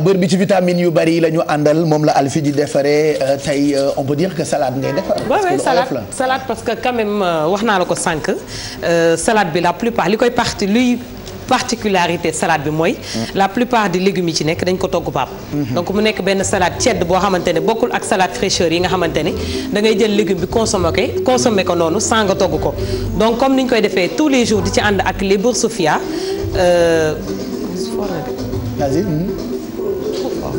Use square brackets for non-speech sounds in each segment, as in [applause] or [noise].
beurre bi ci vitamine yu bari la ñu àndal moom la Alphie di defaree euh, tey euh, on peut dire que salade ngay defar. parce salade salade parce que quand euh, wax naa la ko sànq salaat bi la plupart li koy parti luy. particularité salade bi mooy mm. la plupart des légumes yi ci nekk dañ ko togg paap mm-hmm. donc mu nekk benn salaat cedd boo xamante ne bokkul ak salade fraîcheur yi nga xamante ne da ngay jël légume bi consommé ko consommé ko noonu sans nga togg ko donc comme ni ñu koy defee tous les jours di ci ànd ak les boursoufia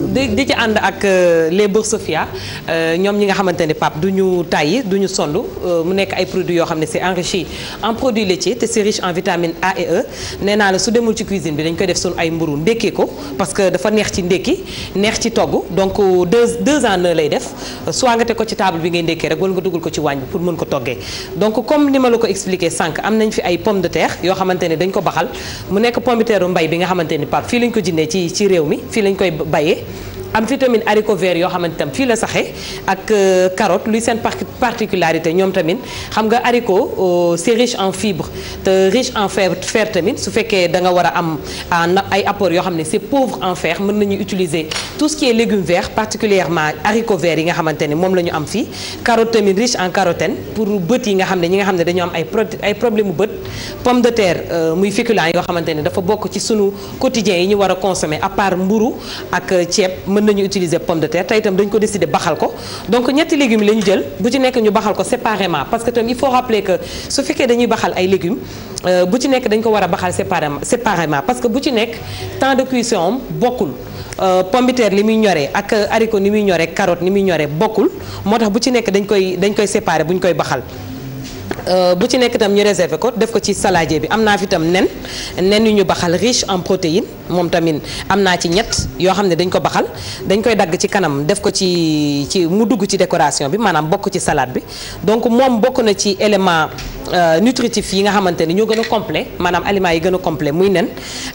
di di ci ànd ak euh, les Boursofia euh, ñoom ñi nga xamante ne Pape du ñu tàyyi du ñu sonn euh, mu nekk ay produits yoo xam ne c'est enrichi en produits laitiers te c'est riche en vitamine A e. nee naa la su demul ci cuisine bi dañ koy def suñu ay mburu ndékkee ko parce que dafa neex ci ndékki neex ci togg donc deux deux ans lay def soit nga teg ko ci table bi ngay ndékkee rek wala nga dugal ko ci waañ bi pour mën ko toggee donc comme ni ma la ko expliqué sànq am nañ fi ay pomme de terre yoo xamante ne dañ ko baxal mu nekk pomme de bi nga xamante ni Pape fii lañ ko jëndee ci ci réew mi fii lañ koy bayee am fi tamit haricot vert yoo xamante tam fii la saxee ak euh, carotte luy seen particularité ñoom tamit xam nga haricot euh, c'est riche en fibres te riche en fer tamit su fekkee da nga war a am ay apports yoo xam ne c'est pauvre en fer mën nañu utiliser tout ce qui est légumes verts particulièrement haricot vert yi nga xamante ne moom la ñu am fii carotte tamit riche en carotène pour bët yi nga xam ne ñi nga xam ne dañoo am ay ay problème mu bët pomme de terre euh, muy féculents yoo xamante ne dafa bokk ci sunu quotidien yi ñu war a consommer à part mburu ak ceeb mën nañu utiliser pomme de terre tey itam dañu ko décider baxal ko donc ñetti légumes la jël bu ci nekk ñu baxal ko séparément parce que tam il faut rappeler que su fekkee dañuy baxal ay légumes euh, bu ci nekk dañ ko war a baxal séparément séparément parce que bu ci nekk temps de cuisson am bokkul euh, pomme de terre li muy ñoree ak haricot ni muy ñoree carotte ni muy ñoree bokkul moo tax bu ci nekk dañ koy dañ koy séparer bu koy baxal Euh, bu ci nekk tam ñu réservé ko def ko ci saladier bi am naa fi itam nen nen yu ñu baxal riche en protéines moom tamit am naa ci ñett yoo xam ne dañ ko baxal dañ koy dagg ci kanam def ko ci ci mu dugg ci décoration bi maanaam bokk ci salade bi donc moom bokk na ci élément euh, nutritif yi nga xamante ni ñoo gën a complet maanaam aliments yi gën a complet muy nen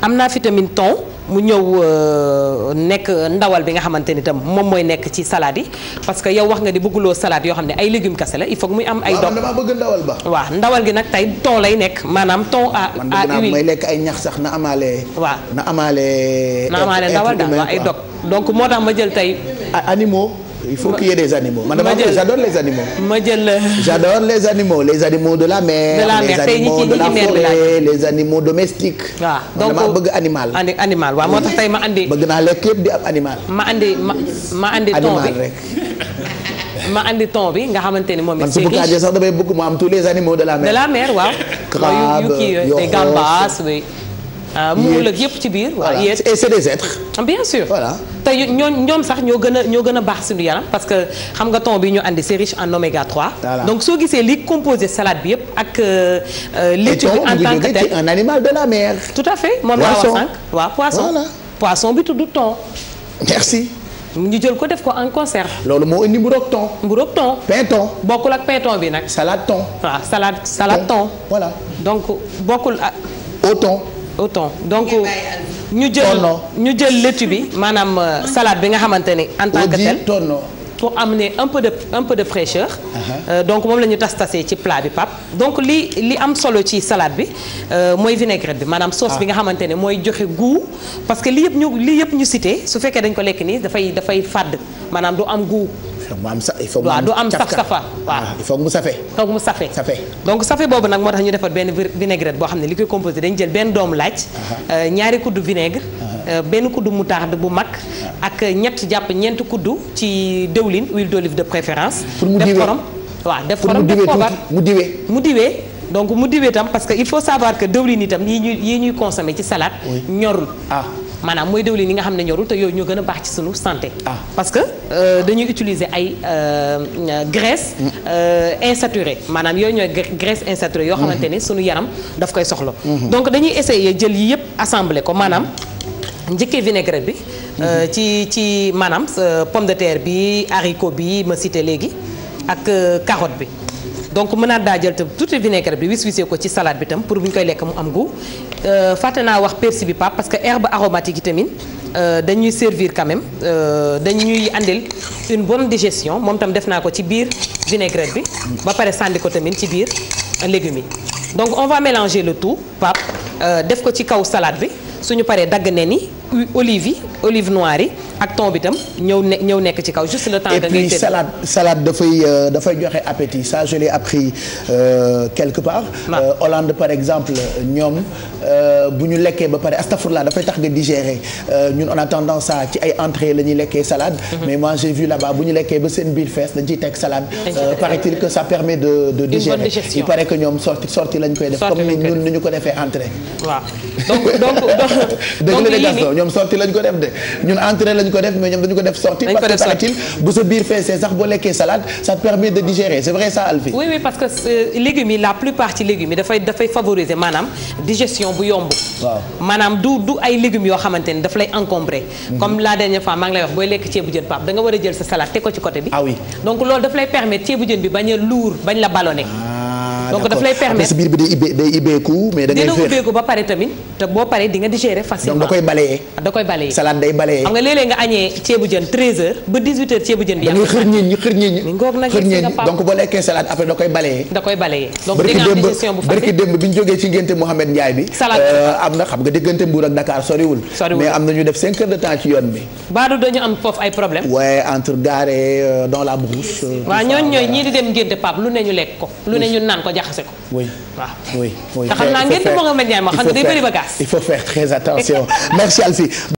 am naa fi tamit thon mu ñëw euh, nekk ndawal bi nga xamante ni tam moom mooy nekk ci salade yi parce que yow wax nga di bëgguloo salade yoo xam ne ay légumes kese la il faut que muy am ay dog dama bëgg ndawal ba waaw ndawal gi nag tey ton lay nekk maanaam ton à à huile lekk ay ñax sax na amaale waaw na amaale na amaale ndawal daal waaw ay dog donc moo tax ma jël tey animaux il faut qu'il y ait des animaux. ma jël euh, j'adore les animaux de la mer. de la mer tey ñi ci ñi ci mer bi laaj les animaux bëgg animal. animal waaw moo tax tey ma andi. bëgg naa lekk yëpp di animal. ma andi ma ma andi ton bi rek. ma andi ton bi nga xamante ni moom it. c'est riche man ma bëgg mu am de la mer. de la mer waaw. crabe yoxoos yu kii muul ak yëpp ci biir. voilà et c'est des êtres. Ah, bien sûr te ñoom sax ñoo gën a ñoo gën a baax suñu yaram parce que xam nga thon bi ñu andi c'est riche en oméga 3. donc soo gisee li composé salade bi yëpp ak. Euh, euh, laitue bi en tant que tout à fait moom laa wax sànq. waaw poisson poisson bi tudd thon. merci. ñu jël ko def ko en conserve. loolu moo indi mburoog thon. mburoog thon. bokkul ak pinton bi nag. salade thon. waaw salade salade thon. voilà donc bokkul ak. au autant donc ñu jël ñu jël laitue bi maanaam euh, salaat bi nga xamante ni en tant que tel pour amener un peu de un peu de fraîcheur. Uh-huh. Euh, donc moom la ñu tas tasee ci plat bi pap donc li li am solo ci salade bi euh, mooy vinaigrette bi maanaam sauce ah. bi nga xamante ne mooy joxe gou parce que lii yëpp ñu li yëpp ñu cité su fekkee dañ ko lekk nii dafay dafay fàdd maanaam du am goût. mu am sa mu am. waaw du am saf safa waaw ah, il mu safe. foog mu safe safe. donc safe boobu nag moo tax ñu defar benn vinaigrette boo xam ne li koy composé dañ jël benn doomu laaj. Euh, ñaari kuddu vinaigre. Euh, benn kuddu moutarde bu mag. ak ñett jàpp ñeent kuddu ci dëwlin huile d'olive de préférence. def xorom waaw def xorom def poobar mu diwee mu diwee. donc mu diwee tam parce que il faut savoir que dëwlin itam yi ñuy yi ñuy consommé ci salade. ñorul ah. maanaam mooy diwlin yi nga xam ne ñorul te yooyu ñoo gën a baax ci suñu santé. Ah. parce que euh, dañuy utiliser ay euh, graisse mm. euh, insaturée maanaam yooyu ñooy graisse insaturée yoo xamante ni mm-hmm. suñu yaram daf koy soxla. Mm-hmm. donc dañuy essayer jël yi yëpp assembler ko maanaam. njëkkee vinaigrette bi. Mm-hmm. ci ci maanaam pomme de terre bi haricot bi ma cité léegi ak carotte bi. donc mën naa daa jël tam tuuti vinaigrette bi wis wisee ko ci salade bi tam pour bu ñu koy lekk mu am goût euh, fàtte naa wax persil bi pap parce que herbe aromatique yi tamit euh, dañuy servir quand même euh, dañuy andil une bonne digestion moom tam def naa ko ci biir vinaigrette bi ba pare sànni ko tamit ci biir légumes yi donc on va mélanger le tout pap def ko ci kaw salaat bi suñu paree dagg nen yi olive yi olive noire yi ak ton bi tam ñëw ne ñëw nekk ci kaw juste le temps. da ngay tëdd et puis salade salade dafay euh, dafay joxe appétit ça je l'ai appris euh, quelque part. Ah. Euh, Hollande par exemple ñoom bu ñu lekkee ba pare astafurlah dafay tax nga digérer ñun on a tendance à ci ay entrées la ñuy lekkee salade. Mhm. mais moi j'ai vu là-bas bu ñu lekkee ba seen biir fees dañ ciy teg salade. paraît-il que ça permet de digérer. il paraît que ñoom sorti sorti lañ koy def. comme ñun ni ko defee entrée. waaw donc donc donc. [laughs] dëgg la ko def de ñun entrée dañ ko def mais ñoom dañu ko def sorti parce que paraît bu sa biir feesee sax boo lekkee salade ça te de digérer c'est vrai ça Alfie oui oui parce que euh, légumes yi la plupart ci légumes yi dafay dafay favoriser maanaam digestion bu yomb maanaam du ay légumes yoo xamante ne daf lay mhm. comme la dernière fois maa ngi wax booy lekk ceebu jën paap da war a jël sa salade teg ko ci côté bi ah donc loolu daf lay ceebu jën bi bañ a lourd bañ Ah, donc daf lay permettre biir bi day ibbeeku mais da ngay dina ubbeeku tamit te boo paree di nga digérer facilement donc ah, nga léeg-léeg nga añee ceebu di nga ngénte Mouhamed Ndiaye bi euh, na xam nga diggante Mbour ak ñu am foofu ay problème waaye entre gare euh, dans la brousse euh, waaw ñooñu ñooy ñii di dem ngénte Pape lu ne ñu lekk ko lu ne ñu naan ko jaxase ko. oui oui. te xam naa ngeen Mohamed Ndiaye ma xam nga day bëri bagage. il faut faire très attention [laughs] merci Alfie.